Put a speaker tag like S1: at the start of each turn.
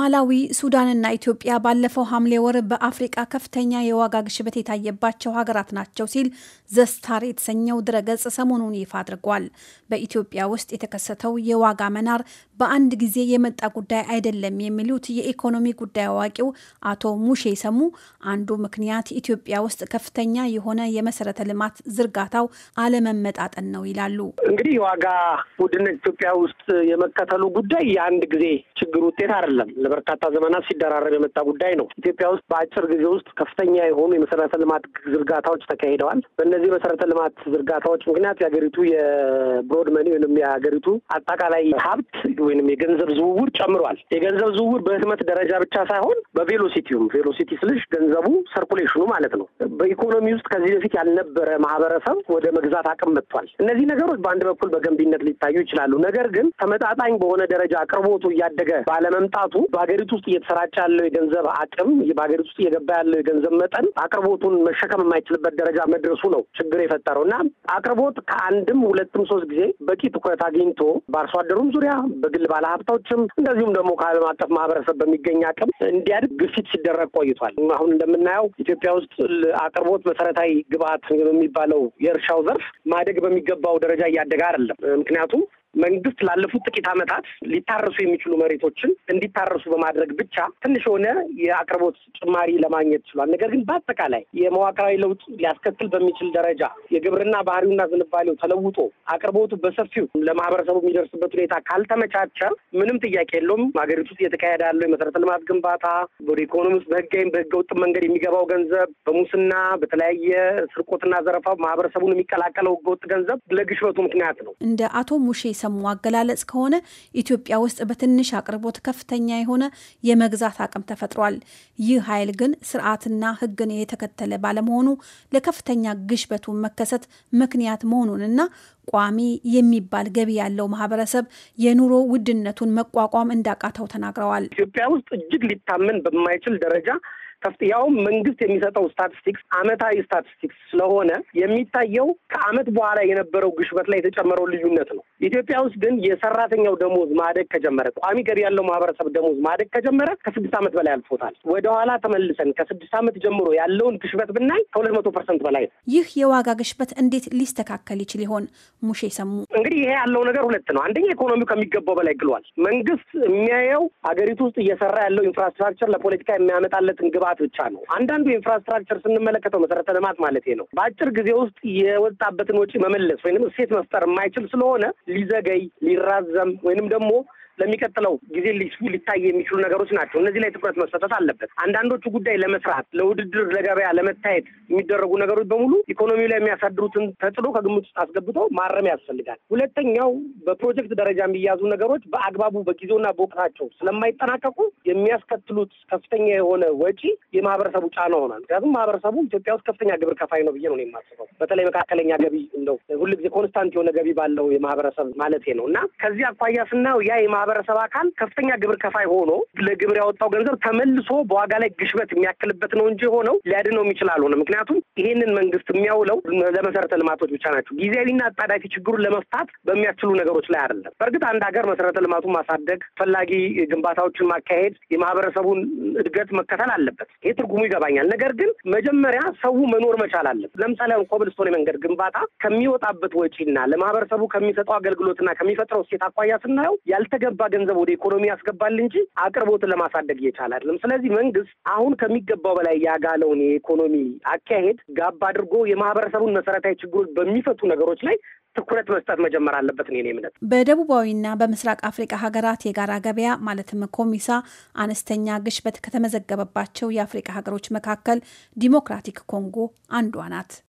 S1: ማላዊ፣ ሱዳንና ኢትዮጵያ ባለፈው ሐምሌ ወር በአፍሪቃ ከፍተኛ የዋጋ ግሽበት የታየባቸው ሀገራት ናቸው ሲል ዘስታር የተሰኘው ድረገጽ ሰሞኑን ይፋ አድርጓል። በኢትዮጵያ ውስጥ የተከሰተው የዋጋ መናር በአንድ ጊዜ የመጣ ጉዳይ አይደለም የሚሉት የኢኮኖሚ ጉዳይ አዋቂው አቶ ሙሼ ሰሙ አንዱ ምክንያት ኢትዮጵያ ውስጥ ከፍተኛ የሆነ የመሰረተ ልማት ዝርጋታው አለመመጣጠን ነው ይላሉ።
S2: እንግዲህ የዋጋ ውድነት ኢትዮጵያ ውስጥ የመከተሉ ጉዳይ የአንድ ጊዜ ችግር ውጤት አይደለም። ለበርካታ ዘመናት ሲደራረብ የመጣ ጉዳይ ነው። ኢትዮጵያ ውስጥ በአጭር ጊዜ ውስጥ ከፍተኛ የሆኑ የመሰረተ ልማት ዝርጋታዎች ተካሂደዋል። በእነዚህ መሰረተ ልማት ዝርጋታዎች ምክንያት የሀገሪቱ የብሮድ መኒ ወይም የሀገሪቱ አጠቃላይ ሀብት ወይም የገንዘብ ዝውውር ጨምሯል። የገንዘብ ዝውውር በህትመት ደረጃ ብቻ ሳይሆን በቬሎሲቲውም ቬሎሲቲ ስልሽ ገንዘቡ ሰርኩሌሽኑ ማለት ነው። በኢኮኖሚ ውስጥ ከዚህ በፊት ያልነበረ ማህበረሰብ ወደ መግዛት አቅም መጥቷል። እነዚህ ነገሮች በአንድ በኩል በገንቢነት ሊታዩ ይችላሉ። ነገር ግን ተመጣጣኝ በሆነ ደረጃ አቅርቦቱ እያደገ ባለመምጣቱ በሀገሪቱ ውስጥ እየተሰራጨ ያለው የገንዘብ አቅም በሀገሪቱ ውስጥ እየገባ ያለው የገንዘብ መጠን አቅርቦቱን መሸከም የማይችልበት ደረጃ መድረሱ ነው ችግር የፈጠረው እና አቅርቦት ከአንድም ሁለትም ሶስት ጊዜ በቂ ትኩረት አግኝቶ በአርሶ አደሩም ዙሪያ በግል ባለሀብታዎችም እንደዚሁም ደግሞ ከዓለም አቀፍ ማህበረሰብ በሚገኝ አቅም እንዲያድግ ግፊት ሲደረግ ቆይቷል። አሁን እንደምናየው ኢትዮጵያ ውስጥ አቅርቦት መሰረታዊ ግብአት የሚባለው የእርሻው ዘርፍ ማደግ በሚገባው ደረጃ እያደገ አይደለም። ምክንያቱም መንግስት ላለፉት ጥቂት ዓመታት ሊታረሱ የሚችሉ መሬቶችን እንዲታረሱ በማድረግ ብቻ ትንሽ የሆነ የአቅርቦት ጭማሪ ለማግኘት ችሏል። ነገር ግን በአጠቃላይ የመዋቅራዊ ለውጥ ሊያስከትል በሚችል ደረጃ የግብርና ባህሪውና ዝንባሌው ተለውጦ አቅርቦቱ በሰፊው ለማህበረሰቡ የሚደርስበት ሁኔታ ካልተመቻቸ ምንም ጥያቄ የለውም ሀገሪቱ ውስጥ እየተካሄደ ያለው የመሰረተ ልማት ግንባታ፣ ወደ ኢኮኖሚ ውስጥ በህጋዊም በህገ ወጥ መንገድ የሚገባው ገንዘብ፣ በሙስና በተለያየ ስርቆትና ዘረፋ ማህበረሰቡን የሚቀላቀለው ህገወጥ ገንዘብ ለግሽበቱ ምክንያት ነው።
S1: እንደ አቶ ሙሼ የሚሰሙ አገላለጽ ከሆነ ኢትዮጵያ ውስጥ በትንሽ አቅርቦት ከፍተኛ የሆነ የመግዛት አቅም ተፈጥሯል። ይህ ኃይል ግን ስርዓትና ሕግን የተከተለ ባለመሆኑ ለከፍተኛ ግሽበቱ መከሰት ምክንያት መሆኑንና ቋሚ የሚባል ገቢ ያለው ማህበረሰብ የኑሮ ውድነቱን መቋቋም እንዳቃተው ተናግረዋል። ኢትዮጵያ
S2: ውስጥ እጅግ ሊታመን በማይችል ደረጃ ከፍት ያው መንግስት የሚሰጠው ስታቲስቲክስ አመታዊ ስታቲስቲክስ ስለሆነ የሚታየው ከአመት በኋላ የነበረው ግሽበት ላይ የተጨመረው ልዩነት ነው። ኢትዮጵያ ውስጥ ግን የሰራተኛው ደሞዝ ማደግ ከጀመረ፣ ቋሚ ገቢ ያለው ማህበረሰብ ደሞዝ ማደግ ከጀመረ ከስድስት አመት በላይ አልፎታል። ወደኋላ ተመልሰን ከስድስት ዓመት ጀምሮ ያለውን ግሽበት ብናይ ከሁለት መቶ ፐርሰንት በላይ ነው።
S1: ይህ የዋጋ ግሽበት እንዴት ሊስተካከል ይችል ይሆን? ሙሼ ሰሙ፣ እንግዲህ ይሄ ያለው ነገር
S2: ሁለት ነው። አንደኛ ኢኮኖሚው ከሚገባው በላይ ግሏል።
S1: መንግስት የሚያየው ሀገሪቱ ውስጥ
S2: እየሰራ ያለው ኢንፍራስትራክቸር ለፖለቲካ የሚያመጣለትን ግባ መግፋት ብቻ ነው። አንዳንዱ ኢንፍራስትራክቸር ስንመለከተው መሰረተ ልማት ማለት ነው በአጭር ጊዜ ውስጥ የወጣበትን ወጪ መመለስ ወይም እሴት መፍጠር የማይችል ስለሆነ ሊዘገይ ሊራዘም ወይንም ደግሞ ለሚቀጥለው ጊዜ ሊታይ የሚችሉ ነገሮች ናቸው። እነዚህ ላይ ትኩረት መሰጠት አለበት። አንዳንዶቹ ጉዳይ ለመስራት ለውድድር፣ ለገበያ፣ ለመታየት የሚደረጉ ነገሮች በሙሉ ኢኮኖሚው ላይ የሚያሳድሩትን ተጽዕኖ ከግምት ውስጥ አስገብቶ ማረም ያስፈልጋል። ሁለተኛው በፕሮጀክት ደረጃ የሚያዙ ነገሮች በአግባቡ በጊዜውና በወቅታቸው ስለማይጠናቀቁ የሚያስከትሉት ከፍተኛ የሆነ ወጪ የማህበረሰቡ ጫና ሆናል። ምክንያቱም ማህበረሰቡ ኢትዮጵያ ውስጥ ከፍተኛ ግብር ከፋይ ነው ብዬ ነው የማስበው። በተለይ መካከለኛ ገቢ እንደው ሁልጊዜ ኮንስታንት የሆነ ገቢ ባለው የማህበረሰብ ማለት ነው እና ከዚህ አኳያ ስናየው ያ የማህበረሰብ አካል ከፍተኛ ግብር ከፋይ ሆኖ ለግብር ያወጣው ገንዘብ ተመልሶ በዋጋ ላይ ግሽበት የሚያክልበት ነው እንጂ ሆነው ሊያድነው የሚችል አልሆነ። ምክንያቱም ይህንን መንግስት የሚያውለው ለመሰረተ ልማቶች ብቻ ናቸው። ጊዜያዊና አጣዳፊ ችግሩን ለመፍታት በሚያስችሉ ነገሮች ላይ አይደለም። በእርግጥ አንድ ሀገር መሰረተ ልማቱን ማሳደግ፣ ፈላጊ ግንባታዎችን ማካሄድ፣ የማህበረሰቡን እድገት መከተል አለበት። ይሄ ትርጉሙ ይገባኛል። ነገር ግን መጀመሪያ ሰው መኖር መቻል አለበት። ለምሳሌ አሁን ኮብልስቶን የመንገድ ግንባታ ከሚወጣበት ወጪና ለማህበረሰቡ ከሚሰጠው አገልግሎትና ከሚፈጥረው እሴት አኳያ ስናየው ያልተገባ የሚገባ ገንዘብ ወደ ኢኮኖሚ ያስገባል እንጂ አቅርቦትን ለማሳደግ እየቻለ አይደለም። ስለዚህ መንግስት አሁን ከሚገባው በላይ ያጋለውን የኢኮኖሚ አካሄድ ጋብ አድርጎ የማህበረሰቡን መሰረታዊ ችግሮች በሚፈቱ ነገሮች ላይ ትኩረት መስጠት መጀመር አለበት።
S1: እኔ እምነት በደቡባዊና በምስራቅ አፍሪካ ሀገራት የጋራ ገበያ ማለትም ኮሚሳ አነስተኛ ግሽበት ከተመዘገበባቸው የአፍሪካ ሀገሮች መካከል ዲሞክራቲክ ኮንጎ አንዷ ናት።